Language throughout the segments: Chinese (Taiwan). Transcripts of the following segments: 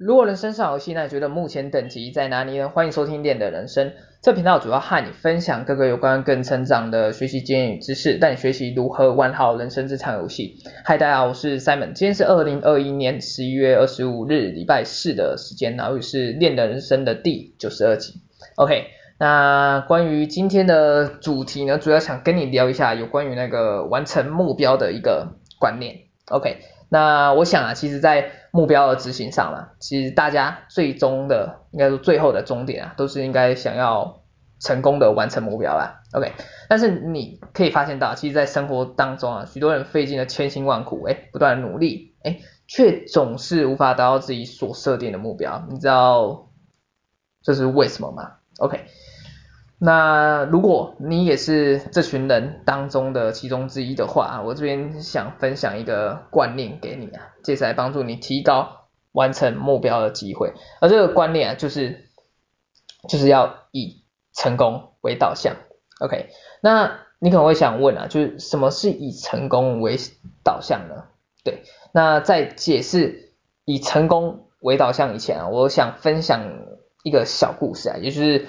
如果人生是好遊戲，那你覺得目前等級在哪裡呢？歡迎收聽《練的人生》這個頻道，主要和你分享各個有關個人成長的學習經驗與知識，帶你學習如何玩好人生這場遊戲。嗨，大家好，我是 Simon，今天是二零二一年十一月二十五日禮拜四的時間，然後也是《練的人生》的第九十二集。OK，那關於今天的主題呢，主要想跟你聊一下有關於那個完成目標的一個觀念。OK。那我想啊，其實，在目標的執行上嘛，其實大家最終的，應該說最後的終點啊，都是應該想要成功的完成目標啦。OK，但是你可以發現到，其實，在生活當中啊，許多人費盡了千辛萬苦，哎，不斷努力，哎，卻總是無法達到自己所設定的目標。你知道這是為什麼嗎？OK。那如果你也是這群人當中的其中之一的話啊，我這邊想分享一個觀念給你啊，借此來幫助你提高完成目標的機會。而啊，這個觀念啊，就是就是要以成功為導向。OK，那你可能會想問啊，就是什麼是以成功為導向呢？對，那在解釋以成功為導向以前啊，我想分享一個小故事啊，也就是。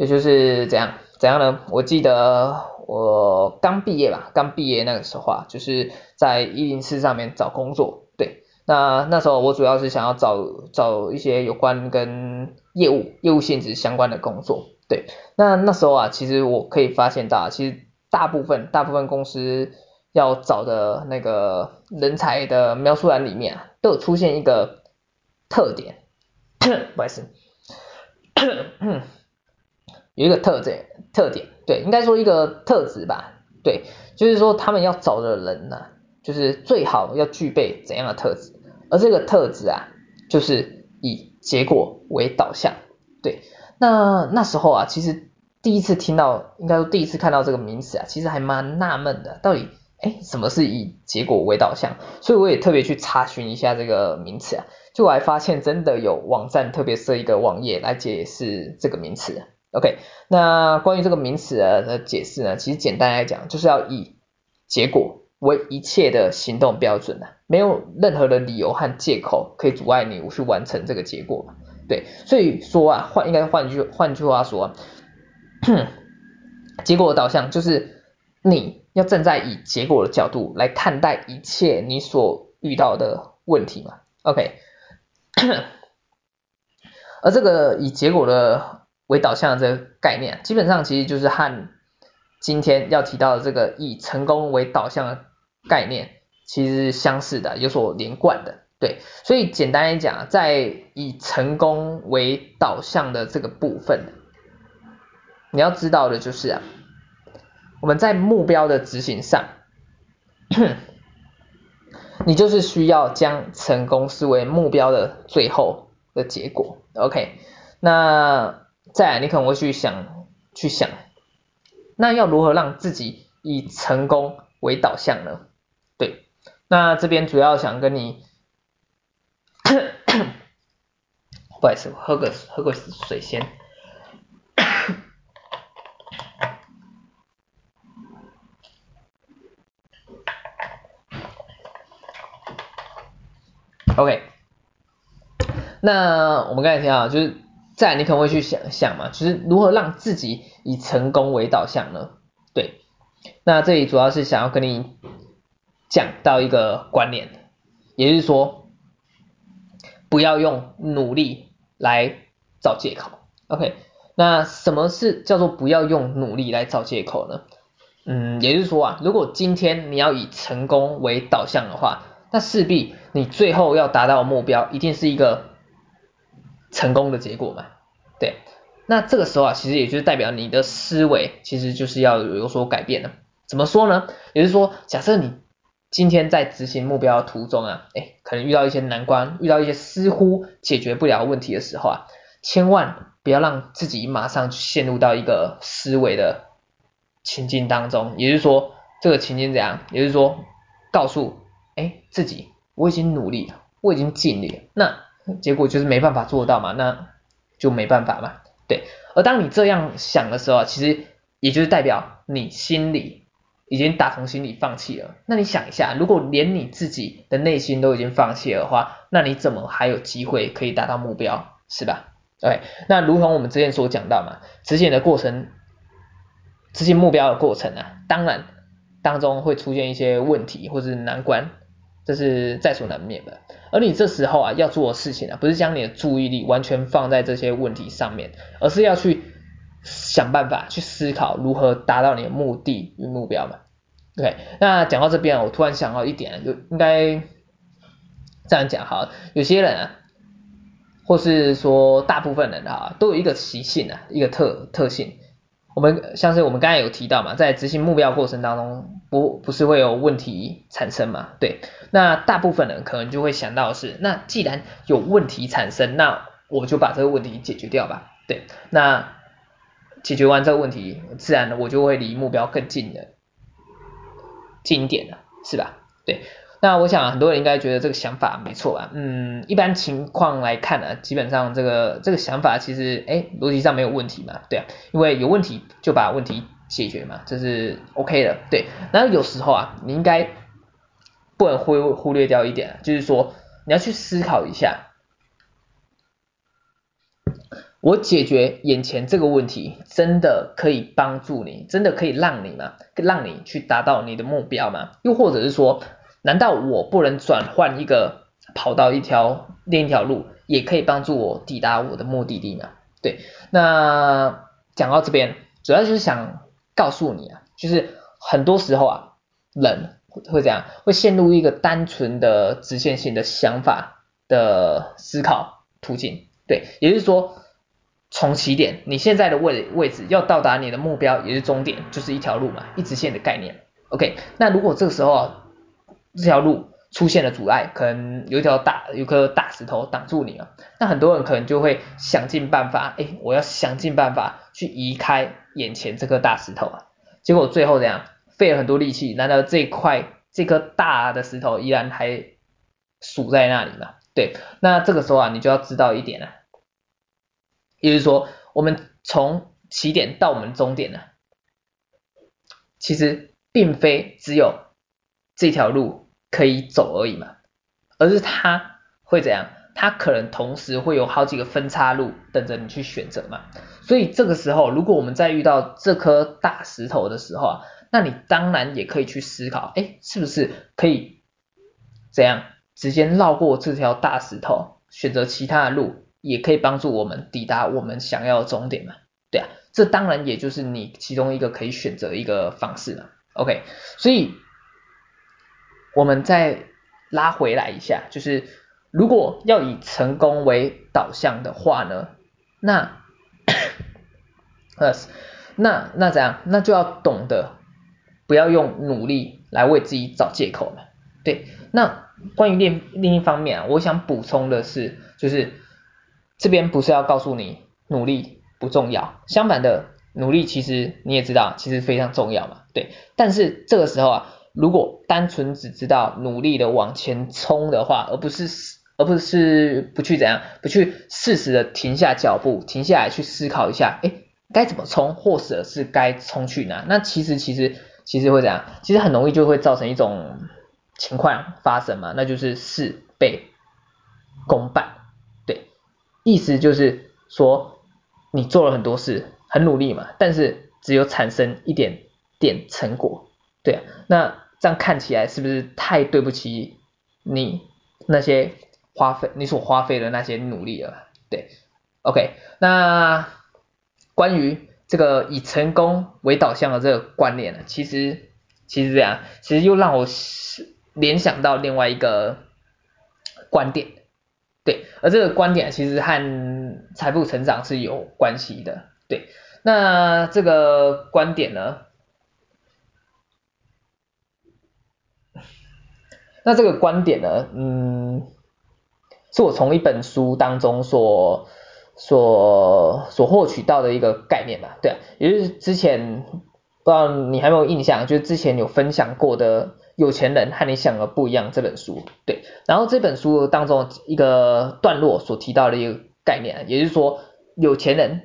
也就，就是怎樣怎樣呢？我記得我剛畢業吧，剛畢業那個時候啊，就是在一零四上面找工作。對，那那時候我主要是想要找找一些有關跟業務、業務性質相關的工作。對，那那時候啊，其實我可以發現到，其實大部分大部分公司要找的那個人才的描述欄裡面啊，都有出現一個特點。 不好意思。 有一個特徵特點，對，應該說一個特質吧，對，就是說他們要找的人呢、啊，就是最好要具備怎樣的特質，而這個特質啊，就是以結果為導向，對。那那時候啊，其實第一次聽到，應該說第一次看到這個名詞啊，其實還蠻納悶的，到底誒，什麼是以結果為導向？所以我也特別去查詢一下這個名詞啊，就我還發現真的有網站特別設一個網頁來解釋這個名詞、啊。OK，那關於這個名詞的解釋呢，其實簡單來講，就是要以結果為一切的行動標準呢，沒有任何的理由和借口可以阻礙你去完成這個結果。對，所以說啊，換應該換句換句話說、啊， 結果的導向就是你要站在以結果的角度來看待一切你所遇到的問題嘛。OK， 而這個以結果的。為導向的這個概念，基本上其實就是和今天要提到的這個以成功為導向的概念其實是相似的，有所連貫的。對，所以簡單來講，在以成功為導向的這個部分，你要知道的就是啊，我們在目標的執行上， 你就是需要將成功視為目標的最後的結果。OK，那。再來，你可能會去想，去想，那要如何讓自己以成功為導向呢？對，那這邊主要想跟你， 不好意思，我喝個喝個水先。 OK，那我們剛才聽啊，就是。在你可能會去想想嘛，就是如何讓自己以成功為導向呢？對，那這裡主要是想要跟你講到一個觀念，也就是說，不要用努力來找借口。OK，那什麼是叫做不要用努力來找借口呢？嗯，也就是說啊，如果今天你要以成功為導向的話，那勢必你最後要達到的目標一定是一個。成功的結果嘛，對，那這個時候啊，其實也就是代表你的思維其實就是要有所改變了。怎麼說呢？也就是說，假設你今天在執行目標的途中啊，誒，可能遇到一些難關，遇到一些似乎解決不了問題的時候啊，千萬不要讓自己馬上陷入到一個思維的情境當中。也就是說，這個情境怎樣？也就是說，告訴誒自己，我已經努力了，我已經盡力了，那。結果就是沒辦法做到嘛，那就沒辦法嘛。對，而當你這樣想的時候，其實也就是代表你心裡已經打從心裡放棄了。那你想一下，如果連你自己的內心都已經放棄了的話，那你怎麼還有機會可以達到目標，是吧？OK，那如同我們之前所講到嘛，執行的過程，執行目標的過程啊，當然當中會出現一些問題或者是難關。這是在所難免的，而你這時候啊要做的事情呢、啊，不是將你的注意力完全放在這些問題上面，而是要去想辦法去思考如何達到你的目的與目標嘛？OK，那講到這邊，我突然想到一點，就應該這樣講哈，有些人啊，或是說大部分人啊，都有一個習性啊，一個特特性。我們像是我們剛才有提到嘛，在執行目標過程當中，不不是會有問題產生嘛？對，那大部分人可能就會想到是，那既然有問題產生，那我就把這個問題解決掉吧。對，那解決完這個問題，自然我就會離目標更近了，近一點了，是吧？對。那我想、啊、很多人應該覺得這個想法沒錯吧？嗯，一般情況來看呢、啊，基本上這個這個想法其實，哎，邏輯上沒有問題嘛，對啊，因為有問題就把問題解決嘛，這是 OK 的，對。那有時候啊，你應該不能忽忽略掉一點，就是說你要去思考一下，我解決眼前這個問題，真的可以幫助你，真的可以讓你嗎？讓你去達到你的目標嗎？又或者是說，難道我不能轉換一個跑道，一條另一條路，也可以幫助我抵達我的目的地嗎？對，那講到這邊，主要就是想告訴你啊，就是很多時候啊，人會會怎樣，會陷入一個單純的直線性的想法的思考途徑。對，也就是說，從起點你現在的位位置，要到達你的目標，也就是終點，就是一條路嘛，一直線的概念。OK，那如果這個時候啊這條路出現了阻礙，可能有一條大有顆大石頭擋住你了。那很多人可能就會想盡辦法，哎，我要想盡辦法去移開眼前這顆大石頭啊。結果最後怎樣？費了很多力氣，難道這塊這顆大的石頭依然還堵在那裡嗎？對，那這個時候啊，你就要知道一點了，也就是說，我們從起點到我們終點呢，其實並非只有。這條路可以走而已嘛，而是它會怎樣？它可能同時會有好幾個分叉路等着你去選擇嘛。所以這個時候，如果我們在遇到這顆大石頭的時候啊，那你當然也可以去思考，誒，是不是可以怎樣直接繞過這條大石頭，選擇其他的路，也可以幫助我們抵達我們想要的終點嘛？對啊，這當然也就是你其中一個可以選擇的一個方式嘛。OK，所以。我們再拉回來一下，就是如果要以成功為導向的話呢，那，呃， 那那怎樣？那就要懂得不要用努力來為自己找借口了。對，那關於另另一方面啊，我想補充的是，就是這邊不是要告訴你努力不重要，相反的，努力其實你也知道，其實非常重要嘛。對，但是這個時候啊。如果單純只知道努力的往前衝的話，而不是而不是不去怎樣，不去適時的停下腳步，停下來去思考一下，哎，該怎麼衝，或者是該衝去哪？那其實其實其實會怎樣？其實很容易就會造成一種情況發生嘛，那就是事倍功半。對，意思就是說你做了很多事，很努力嘛，但是只有產生一點點成果。對啊，那這樣看起來是不是太對不起你那些花費，你所花費的那些努力了？對，OK，那關於這個以成功為導向的這個觀念呢，其實其實這樣，其實又讓我聯想到另外一個觀點，對，而這個觀點其實和財富成長是有關係的，對，那這個觀點呢？那這個觀點呢，嗯，是我從一本書當中所、所、所獲取到的一個概念吧，對啊，也就是之前不知道你還沒有印象，就是之前有分享過的《有錢人和你想的不一樣》這本書，對，然後這本書當中一個段落所提到的一個概念，也就是說，有錢人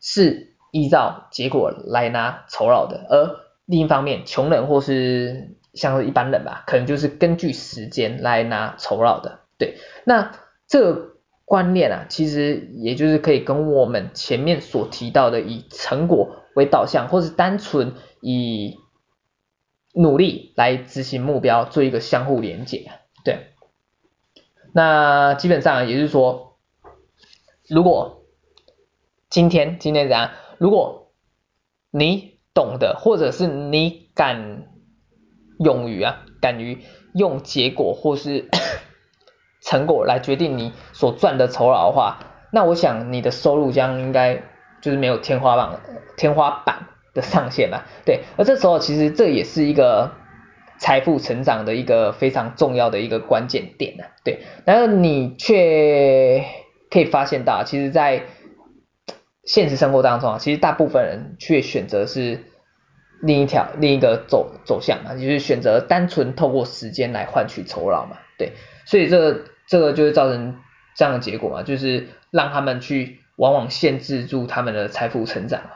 是依照結果來拿酬勞的，而另一方面，窮人或是。像是一般人吧，可能就是根據時間來拿酬勞的，對。那這個觀念啊，其實也就是可以跟我們前面所提到的以成果為導向，或是單純以努力來執行目標，做一個相互連結，對。那基本上也就是說，如果今天今天怎樣，如果你懂得，或者是你敢。勇於啊，敢於用結果或是 成果來決定你所賺的酬勞的話，那我想你的收入將應該就是沒有天花板，天花板的上限嘛。對，而這時候其實這也是一個財富成長的一個非常重要的一個關鍵點呢。對，然後你卻可以發現到，其實在現實生活當中啊，其實大部分人卻選擇是。另一條另一個走走向嘛，就是選擇單純透過時間來換取酬勞嘛，對，所以這個這個就會造成這樣的結果嘛，就是讓他們去往往限制住他們的財富成長嘛，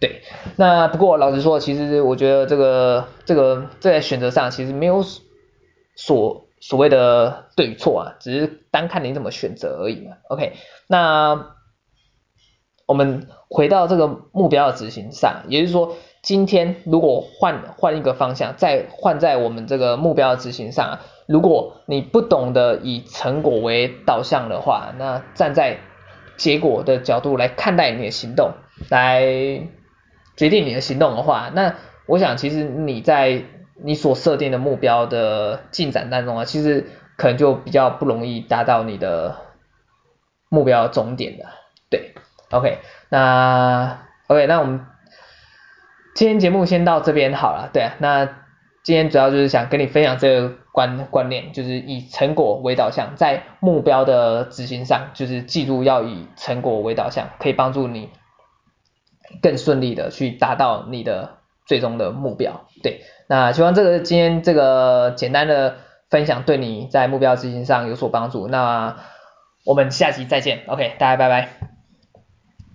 對，那不過老實說，其實我覺得這個這個這在選擇上其實沒有所所謂的對與錯啊，只是單看你怎麼選擇而已嘛，OK，那我們回到這個目標的執行上，也就是說。今天如果換換一個方向，再換在我們這個目標的執行上，如果你不懂得以成果為導向的話，那站在結果的角度來看待你的行動，來決定你的行動的話，那我想其實你在你所設定的目標的進展當中啊，其實可能就比較不容易達到你的目標的終點的。對，OK，那 OK，那我們。今天節目先到這邊好了，對啊，那今天主要就是想跟你分享這個觀觀念，就是以成果為導向，在目標的執行上，就是記住要以成果為導向，可以幫助你更順利的去達到你的最終的目標。對，那希望這個今天這個簡單的分享對你在目標執行上有所幫助。那我們下期再見，OK，大家拜拜。